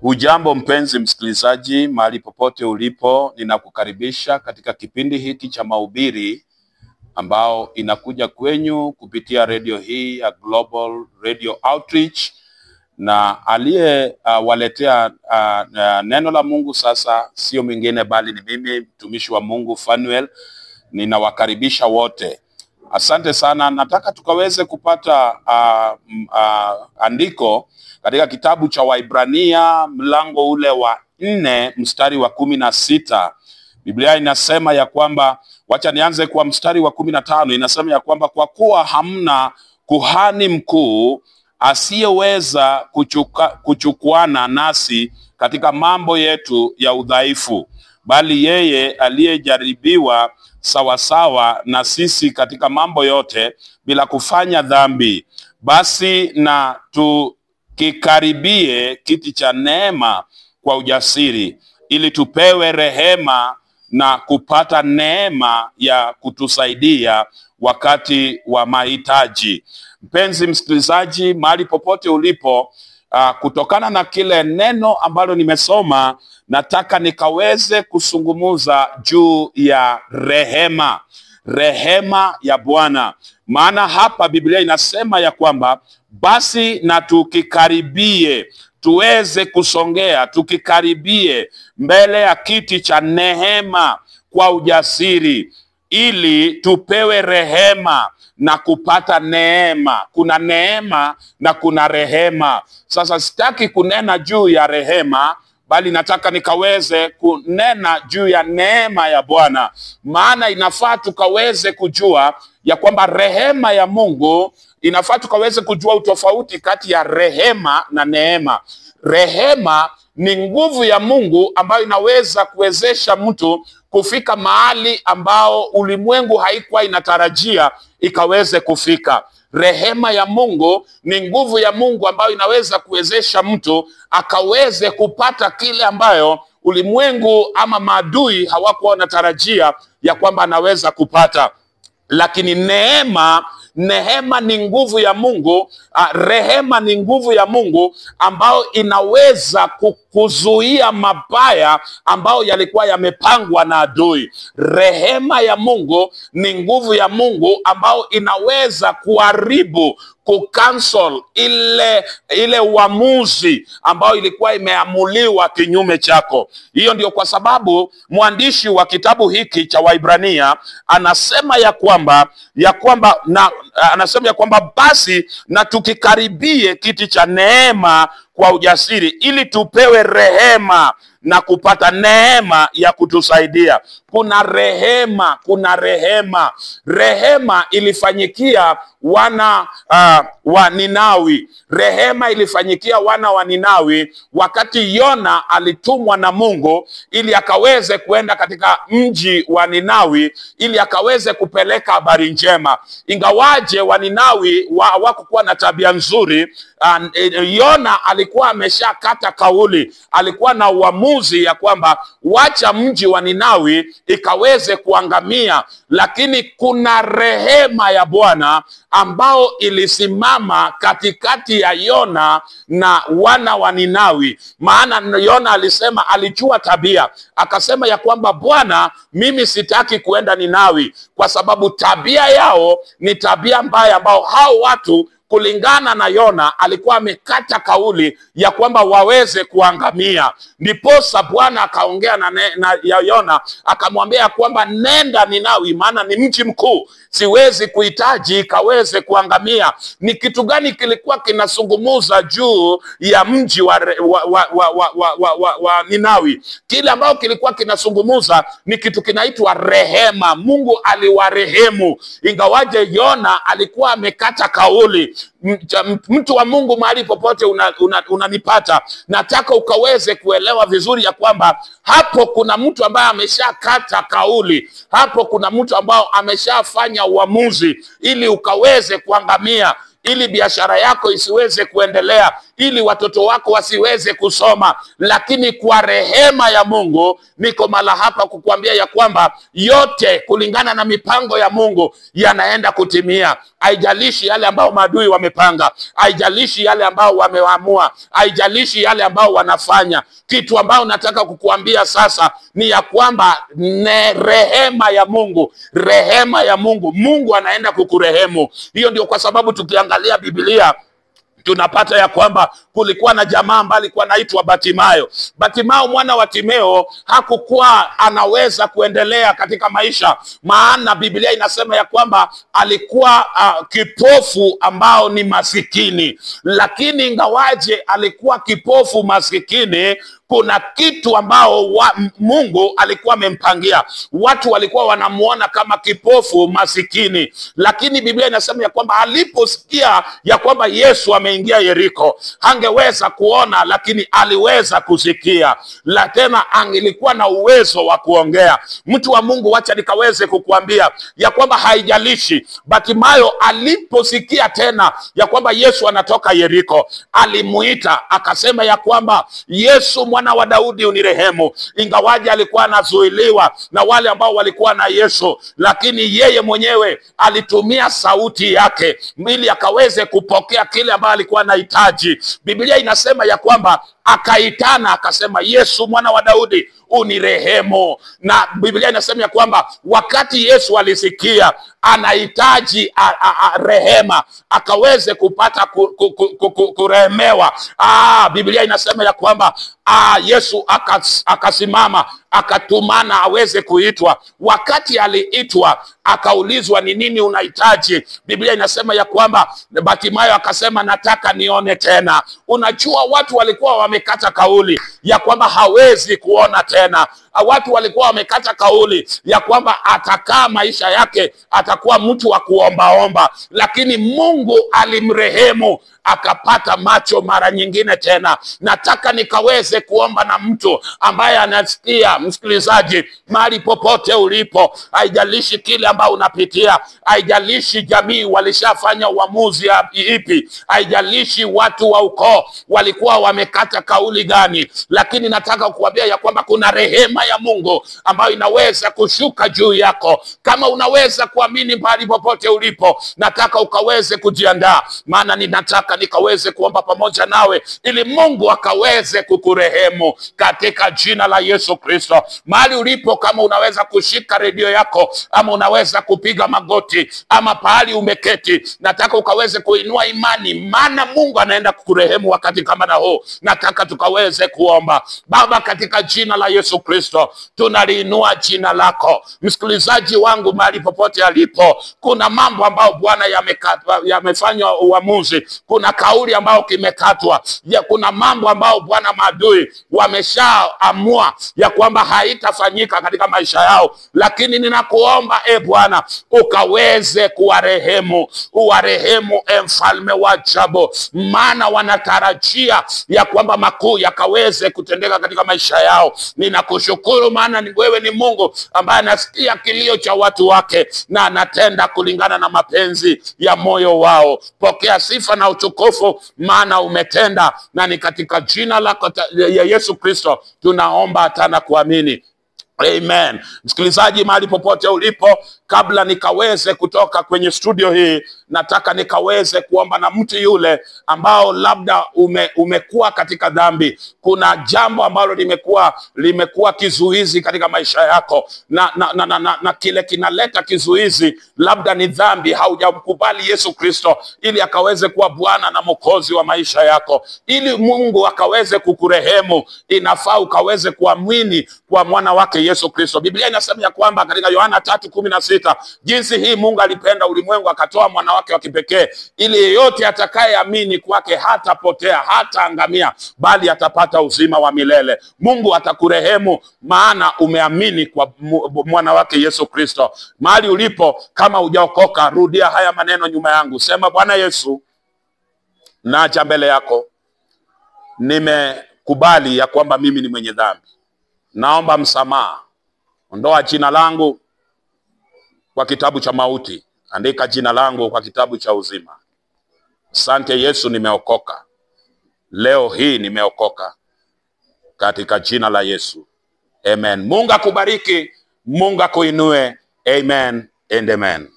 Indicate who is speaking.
Speaker 1: Hujambo mpenzi msikilizaji, mahali popote ulipo, ninakukaribisha katika kipindi hiki cha mahubiri ambao inakuja kwenyu kupitia redio hii ya Global Radio Outreach, na aliyewaletea ah, uh, ah, uh, ah, uh, neno la Mungu sasa sio mwingine bali ni mimi mtumishi wa Mungu Fanuel. Ninawakaribisha wote Asante sana, nataka tukaweze kupata uh, uh, andiko katika kitabu cha Waibrania mlango ule wa nne mstari wa kumi na sita. Biblia inasema ya kwamba, wacha nianze kwa mstari wa kumi na tano. Inasema ya kwamba kwa kuwa hamna kuhani mkuu asiyeweza kuchukuana nasi katika mambo yetu ya udhaifu, bali yeye aliyejaribiwa sawasawa na sisi katika mambo yote bila kufanya dhambi. Basi na tukikaribie kiti cha neema kwa ujasiri, ili tupewe rehema na kupata neema ya kutusaidia wakati wa mahitaji. Mpenzi msikilizaji, mahali popote ulipo Uh, kutokana na kile neno ambalo nimesoma, nataka nikaweze kusungumuza juu ya rehema, rehema ya Bwana. Maana hapa Biblia inasema ya kwamba basi na tukikaribie tuweze kusongea, tukikaribie mbele ya kiti cha nehema kwa ujasiri ili tupewe rehema na kupata neema. Kuna neema na kuna rehema. Sasa sitaki kunena juu ya rehema, bali nataka nikaweze kunena juu ya neema ya Bwana, maana inafaa tukaweze kujua ya kwamba rehema ya Mungu, inafaa tukaweze kujua utofauti kati ya rehema na neema. Rehema ni nguvu ya Mungu ambayo inaweza kuwezesha mtu kufika mahali ambao ulimwengu haikuwa inatarajia ikaweze kufika. Rehema ya Mungu ni nguvu ya Mungu ambayo inaweza kuwezesha mtu akaweze kupata kile ambayo ulimwengu ama maadui hawakuwa wanatarajia ya kwamba anaweza kupata. Lakini neema Nehema ni nguvu ya Mungu, ah, rehema ni nguvu ya Mungu ambayo inaweza ku kuzuia mabaya ambayo yalikuwa yamepangwa na adui. Rehema ya Mungu ni nguvu ya Mungu ambayo inaweza kuharibu kucancel ile ile uamuzi ambayo ilikuwa imeamuliwa kinyume chako. Hiyo ndio kwa sababu mwandishi wa kitabu hiki cha Waibrania anasema ya kwamba ya kwamba na anasema ya kwamba basi na tukikaribie kiti cha neema kwa ujasiri, ili tupewe rehema na kupata neema ya kutusaidia. Kuna rehema, kuna rehema. Rehema ilifanyikia wana uh, wa Ninawi. Rehema ilifanyikia wana wa Ninawi wakati Yona alitumwa na Mungu ili akaweze kuenda katika mji wa Ninawi ili akaweze kupeleka habari njema. Ingawaje wa Ninawi hawakukuwa na tabia nzuri, uh, Yona alikuwa ameshakata kauli, alikuwa na uamuzi maamuzi ya kwamba wacha mji wa Ninawi ikaweze kuangamia, lakini kuna rehema ya Bwana ambao ilisimama katikati ya Yona na wana wa Ninawi. Maana Yona alisema, alijua tabia, akasema ya kwamba Bwana, mimi sitaki kuenda Ninawi kwa sababu tabia yao ni tabia mbaya ambao hao watu kulingana na Yona alikuwa amekata kauli ya kwamba waweze kuangamia. Ndiposa Bwana akaongea na, na ya Yona akamwambia kwamba nenda Ninawi, maana ni mji mkuu, siwezi kuhitaji ikaweze kuangamia. Ni kitu gani kilikuwa kinazungumuza juu ya mji wa, wa, wa, wa, wa, wa, wa, wa, wa Ninawi? Kile ambayo kilikuwa kinazungumuza ni kitu kinaitwa rehema. Mungu aliwarehemu, ingawaje Yona alikuwa amekata kauli mtu wa Mungu, mahali popote unanipata, una, una nataka ukaweze kuelewa vizuri ya kwamba hapo kuna mtu ambaye ameshakata kauli, hapo kuna mtu ambao ameshafanya uamuzi ili ukaweze kuangamia ili biashara yako isiweze kuendelea, ili watoto wako wasiweze kusoma. Lakini kwa rehema ya Mungu, niko mala hapa kukuambia ya kwamba yote kulingana na mipango ya Mungu yanaenda kutimia haijalishi yale ambao maadui wamepanga, haijalishi yale ambao wameamua, haijalishi yale ambao wanafanya. Kitu ambao nataka kukuambia sasa ni ya kwamba ne rehema ya Mungu, rehema ya Mungu, Mungu anaenda kukurehemu. Hiyo ndio kwa sababu tukiangalia Biblia tunapata ya kwamba kulikuwa na jamaa ambaye alikuwa anaitwa Batimayo. Batimayo mwana wa Timeo hakukuwa anaweza kuendelea katika maisha, maana Biblia inasema ya kwamba alikuwa uh, kipofu ambao ni masikini, lakini ingawaje alikuwa kipofu masikini kuna kitu ambao wa, Mungu alikuwa amempangia. Watu walikuwa wanamwona kama kipofu masikini, lakini Biblia inasema ya kwamba aliposikia ya kwamba Yesu ameingia Yeriko, angeweza kuona, lakini aliweza kusikia, la tena angilikuwa na uwezo wa kuongea. Mtu wa Mungu, wacha nikaweze kukuambia ya kwamba haijalishi Batimayo aliposikia tena ya kwamba Yesu anatoka Yeriko, alimuita akasema ya kwamba Yesu mwana wa Daudi unirehemu. Ingawaje alikuwa anazuiliwa na wale ambao walikuwa na Yesu, lakini yeye mwenyewe alitumia sauti yake ili akaweze kupokea kile ambayo alikuwa anahitaji. Biblia inasema ya kwamba akaitana akasema, Yesu mwana wa Daudi unirehemu. Na Biblia inasema ya kwamba wakati Yesu alisikia anahitaji rehema, akaweze kupata ku, ku, ku, ku, kurehemewa. Ah, Biblia inasema ya kwamba ah, Yesu akasimama akatumana aweze kuitwa. Wakati aliitwa akaulizwa ni nini unahitaji, Biblia inasema ya kwamba Batimayo akasema nataka nione tena. Unajua, watu walikuwa wamekata kauli ya kwamba hawezi kuona tena. Watu walikuwa wamekata kauli ya kwamba atakaa maisha yake, atakuwa mtu wa kuombaomba, lakini Mungu alimrehemu akapata macho mara nyingine tena. Nataka nikaweze kuomba na mtu ambaye anasikia Msikilizaji, mahali popote ulipo, haijalishi kile ambao unapitia, haijalishi jamii walishafanya uamuzi ipi, haijalishi watu wa ukoo walikuwa wamekata kauli gani, lakini nataka kuambia ya kwamba kuna rehema ya Mungu ambayo inaweza kushuka juu yako kama unaweza kuamini. Mahali popote ulipo, nataka ukaweze kujiandaa, maana ninataka nikaweze kuomba pamoja nawe ili Mungu akaweze kukurehemu katika jina la Yesu Kristo. Kristo. Mahali ulipo, kama unaweza kushika redio yako ama unaweza kupiga magoti ama pahali umeketi, nataka ukaweze kuinua imani, maana Mungu anaenda kukurehemu wakati kama na huu. Nataka tukaweze kuomba. Baba, katika jina la Yesu Kristo tunaliinua jina lako. Msikilizaji wangu mahali popote alipo, kuna mambo ambayo Bwana yamefanywa ya uamuzi, kuna kauli ambayo kimekatwa kuna mambo ambayo Bwana maadui wameshaamua ya kwamba kwamba haitafanyika katika maisha yao, lakini ninakuomba e Bwana ukaweze kuwarehemu, uwarehemu e mfalme wa jabo maana wanatarajia ya kwamba makuu yakaweze kutendeka katika maisha yao. Ninakushukuru maana ni wewe ni Mungu ambaye anasikia kilio cha watu wake na anatenda kulingana na mapenzi ya moyo wao. Pokea sifa na utukufu, maana umetenda, na ni katika jina lako ya Yesu Kristo tunaomba tena kwa Flamengo hani Amen. Msikilizaji, mahali popote ulipo, kabla nikaweze kutoka kwenye studio hii, nataka nikaweze kuomba na mtu yule ambao labda ume, umekuwa katika dhambi. Kuna jambo ambalo limekuwa limekuwa kizuizi katika maisha yako na, na, na, na, na, na kile kinaleta kizuizi labda ni dhambi. Haujamkubali Yesu Kristo ili akaweze kuwa Bwana na Mwokozi wa maisha yako, ili Mungu akaweze kukurehemu, inafaa ukaweze kuamini kwa mwana wake Yesu Kristo. Biblia inasema ya kwamba katika Yohana tatu kumi na sita jinsi hii Mungu alipenda ulimwengu akatoa mwanawake wa kipekee, ili yeyote atakayeamini kwake hatapotea, hataangamia, bali atapata uzima wa milele. Mungu atakurehemu, maana umeamini kwa mwanawake Yesu Kristo. Mahali ulipo, kama hujaokoka, rudia haya maneno nyuma yangu, sema: Bwana Yesu, naja mbele yako, nimekubali ya kwamba mimi ni mwenye dhambi naomba msamaha, ondoa jina langu kwa kitabu cha mauti, andika jina langu kwa kitabu cha uzima. Asante Yesu, nimeokoka leo hii, nimeokoka katika jina la Yesu, amen. Mungu akubariki, Mungu akuinue, amen and amen.